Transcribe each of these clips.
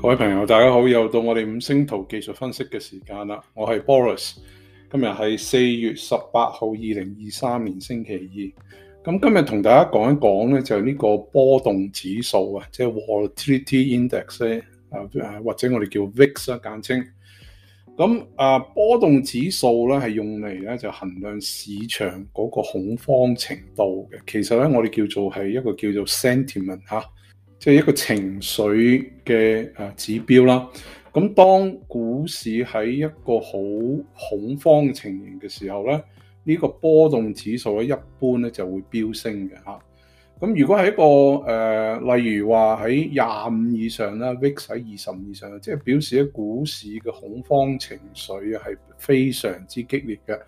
各位朋友，大家好，又到我哋五星圖技術分析嘅時間啦。我係 Boris，今日係四月十八號，二零二三年星期二。咁今日同大家講一講呢，就係呢個波動指數啊，即係 Volatility Index 啊，或者我哋叫 VIX 啊，簡稱。咁波動指數呢，係用嚟就衡量市場嗰個恐慌程度嘅。其實呢，我哋叫做係一個叫做 Sentiment 即係一個情緒嘅誒指標啦，咁當股市喺一個好恐慌嘅情形嘅時候咧，呢個波動指數咧一般咧就會飆升嘅吓。咁如果喺一個誒、呃，例如話喺廿五以上啦，VIX 喺二十以上，即係表示咧股市嘅恐慌情緒係非常之激烈嘅。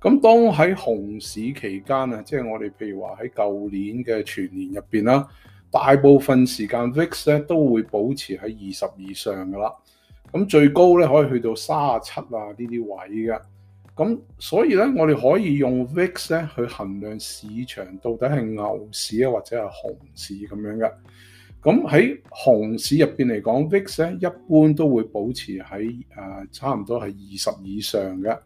咁當喺熊市期間啊，即係我哋譬如話喺舊年嘅全年入邊啦。大部分時間 VIX 咧都會保持喺二十以上噶啦，咁最高咧可以去到三十七啊呢啲位嘅，咁所以咧我哋可以用 VIX 咧去衡量市場到底係牛市啊或者係熊市咁樣嘅，咁喺熊市入邊嚟講，VIX 咧一般都會保持喺誒、呃、差唔多係二十以上嘅，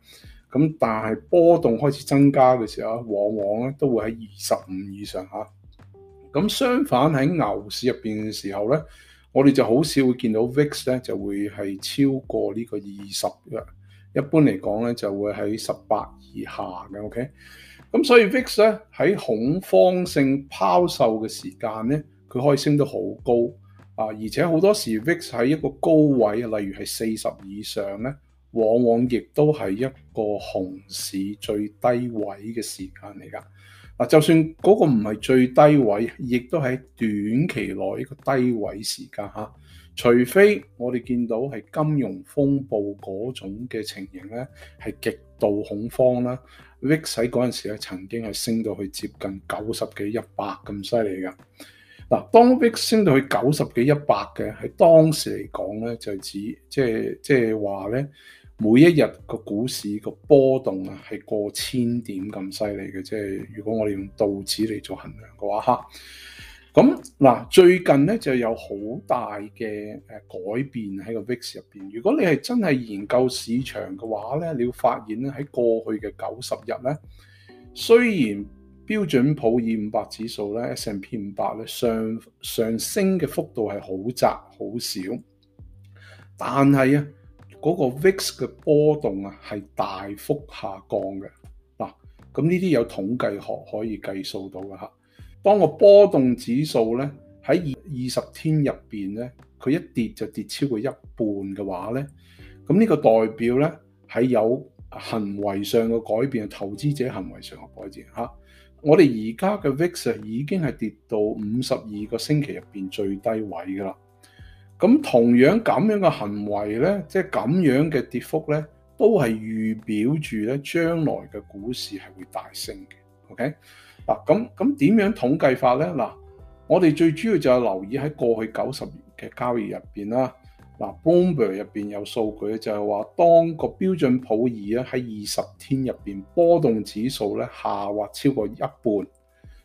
咁但係波動開始增加嘅時候，往往咧都會喺二十五以上嚇。咁相反喺牛市入邊嘅時候咧，我哋就好少會見到 VIX 咧就會係超過呢個二十嘅，一般嚟講咧就會喺十八以下嘅，OK。咁所以 VIX 咧喺恐慌性拋售嘅時間咧，佢可以升到好高啊！而且好多時 VIX 喺一個高位，例如係四十以上咧，往往亦都係一個熊市最低位嘅時間嚟噶。嗱，就算嗰個唔係最低位，亦都喺短期內一個低位時間吓。除非我哋見到係金融風暴嗰種嘅情形咧，係極度恐慌啦，VIX 嗰陣時咧曾經係升到去接近九十幾一百咁犀利嘅。嗱，當 VIX 升到去九十幾一百嘅，喺當時嚟講咧，就係指即係即係話咧，就是每一日個股市個波動啊，係過千點咁犀利嘅，即係如果我哋用道指嚟做衡量嘅話，哈，咁嗱，最近咧就有好大嘅誒改變喺個 VIX 入邊。如果你係真係研究市場嘅話咧，你要發現咧喺過去嘅九十日咧，雖然標準普爾五百指數咧、S&P 五百咧上上升嘅幅度係好窄好少，但係啊。嗰、那個 VIX 嘅波動啊，係大幅下降嘅嗱。咁呢啲有統計學可以計數到嘅嚇。當個波動指數咧喺二二十天入邊咧，佢一跌就跌超過一半嘅話咧，咁呢個代表咧喺有行為上嘅改變，投資者行為上嘅改變嚇。我哋而家嘅 VIX 已經係跌到五十二個星期入邊最低位㗎啦。咁同樣咁樣嘅行為咧，即係咁樣嘅跌幅咧，都係預表住咧將來嘅股市係會大升嘅。OK 嗱，咁咁點樣統計法咧？嗱，我哋最主要就係留意喺過去九十年嘅交易入邊啦。嗱，Bloomberg 入邊有數據咧就係話，當個標準普爾咧喺二十天入邊波動指數咧下滑超過一半，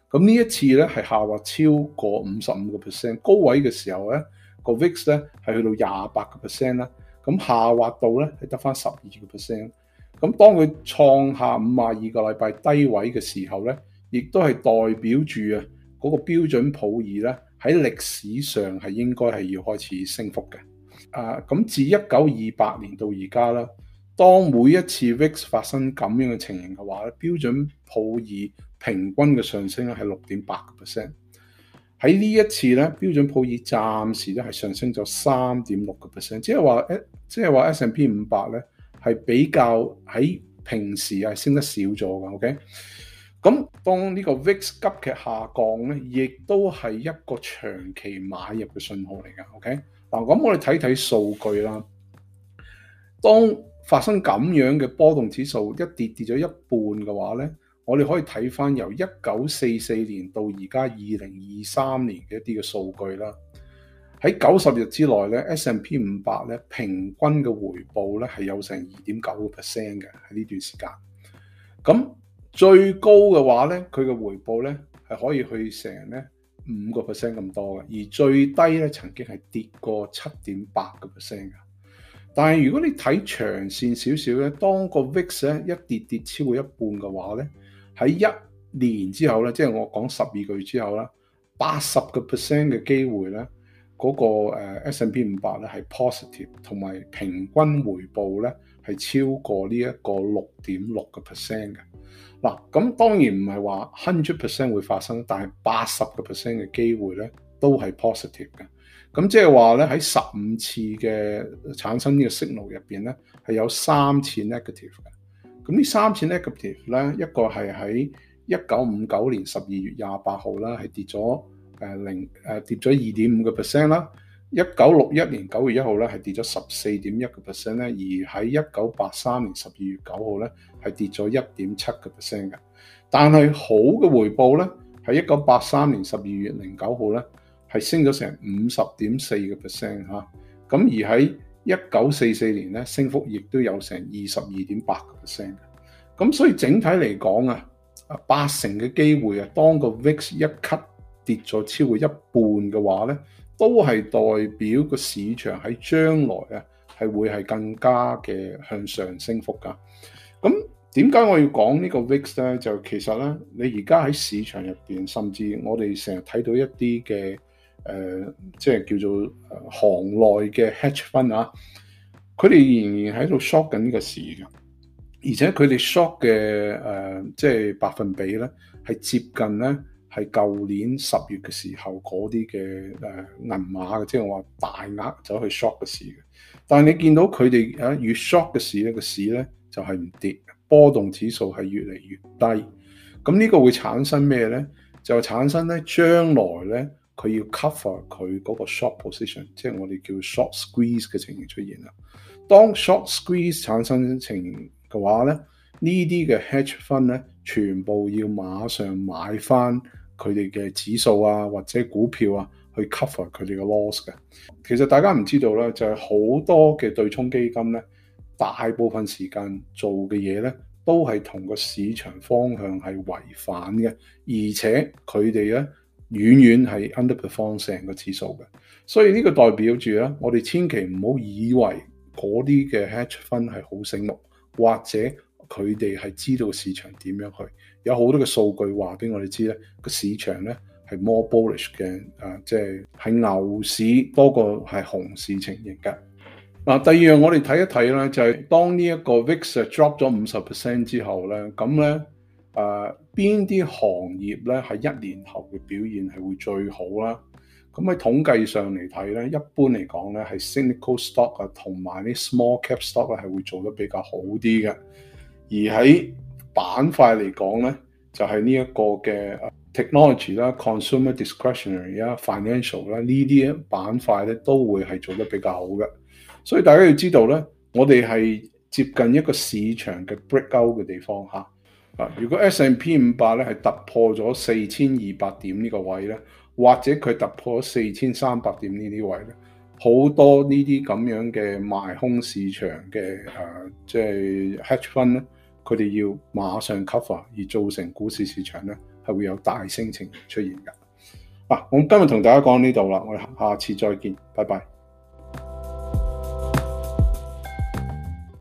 咁呢一次咧係下滑超過五十五個 percent 高位嘅時候咧。個 VIX 咧係去到廿八個 percent 啦，咁下滑到咧係得返十二個 percent。咁當佢創下五十二個禮拜低位嘅時候咧，亦都係代表住啊嗰個標準普爾咧喺歷史上係應該係要開始升幅嘅。啊，咁自一九二八年到而家啦，當每一次 VIX 發生咁樣嘅情形嘅話咧，標準普爾平均嘅上升咧係六點八個 percent。喺呢一次咧，標準普爾暫時咧係上升咗三點六個 percent，即係話誒，即係話 S&P 五百咧係比較喺平時係升得少咗㗎，OK？咁當呢個 VIX 急劇下降咧，亦都係一個長期買入嘅信號嚟㗎，OK？嗱，咁我哋睇睇數據啦。當發生咁樣嘅波動指數一跌跌咗一半嘅話咧。我哋可以睇翻由一九四四年到而家二零二三年嘅一啲嘅數據啦。喺九十日之內咧，S&P 五百咧平均嘅回報咧係有成二點九個 percent 嘅喺呢段時間。咁最高嘅話咧，佢嘅回報咧係可以去成咧五個 percent 咁多嘅。而最低咧曾經係跌過七點八個 percent 嘅。但係如果你睇長線少少咧，當個 VIX 一跌跌超過一半嘅話咧。喺一年之後咧，即係我講十二個月之後咧，八十個 percent 嘅機會咧，嗰個 S and P 五百咧係 positive，同埋平均回報咧係超過呢一個六點六個 percent 嘅。嗱，咁當然唔係話 hundred percent 會發生，但係八十個 percent 嘅機會咧都係 positive 嘅。咁即係話咧，喺十五次嘅產生呢個 signal 入邊咧，係有三次 negative 嘅。咁呢三次 negative 咧，一個係喺一九五九年十二月廿八號啦，係跌咗誒零誒跌咗二點五個 percent 啦；一九六一年九月一號咧，係跌咗十四點一個 percent 咧；而喺一九八三年十二月九號咧，係跌咗一點七個 percent 嘅。但係好嘅回報咧，喺一九八三年十二月零九號咧，係升咗成五十點四個 percent 吓。咁、啊、而喺一九四四年咧，升幅亦都有成二十二點八個 percent。咁所以整體嚟講啊，啊八成嘅機會啊，當個 VIX 一級跌咗超過一半嘅話咧，都係代表個市場喺將來啊，係會係更加嘅向上升幅㗎。咁點解我要講呢個 VIX 咧？就其實咧，你而家喺市場入邊，甚至我哋成日睇到一啲嘅，誒、呃，即係叫做、呃、行內嘅 Hatch 分啊，佢哋仍然喺度 short 緊呢個市嘅，而且佢哋 short 嘅誒，即係百分比咧，係接近咧係舊年十月嘅時候嗰啲嘅誒銀碼嘅，即係話大額走去 short 嘅市嘅。但係你見到佢哋啊越 short 嘅市，市呢個市咧就係、是、唔跌，波動指數係越嚟越低。咁呢個會產生咩咧？就產生咧將來咧。佢要 cover 佢嗰個 short position，即係我哋叫 short squeeze 嘅情形出現啦。當 short squeeze 產生情形嘅話咧，呢啲嘅 hedge fund 咧，全部要馬上買翻佢哋嘅指數啊，或者股票啊，去 cover 佢哋嘅 loss 嘅。其實大家唔知道啦，就係好多嘅對沖基金咧，大部分時間做嘅嘢咧，都係同個市場方向係違反嘅，而且佢哋咧，遠遠係 underperform 成個指數嘅，所以呢個代表住咧，我哋千祈唔好以為嗰啲嘅 h e t c h 分係好醒目，或者佢哋係知道個市場點樣去。有好多嘅數據話俾我哋知咧，個市場咧係 more bullish 嘅，啊，即係係牛市多過係熊市情形嘅。嗱，第二樣我哋睇一睇咧，就係當呢一個 vix drop 咗五十 percent 之後咧，咁咧啊。邊啲行業咧一年後嘅表現係會最好啦？咁喺統計上嚟睇咧，一般嚟講咧，係 cyclical stock 啊，同埋啲 small cap stock 咧係會做得比較好啲嘅。而喺板塊嚟講咧，就係呢一個嘅 technology 啦、consumer discretionary 啊、financial 啦呢啲板塊咧都會係做得比較好嘅。所以大家要知道咧，我哋係接近一個市場嘅 breakout 嘅地方嚇啊！如果 S and P 五百咧係突破咗四千二百點呢個位咧，或者佢突破咗四千三百點呢啲位咧，好多呢啲咁樣嘅賣空市場嘅誒，即、呃、係、就是、hedge fund 咧，佢哋要馬上 cover，而造成股市市場咧係會有大升情出現㗎。嗱、啊，我今日同大家講呢度啦，我哋下次再見，拜拜。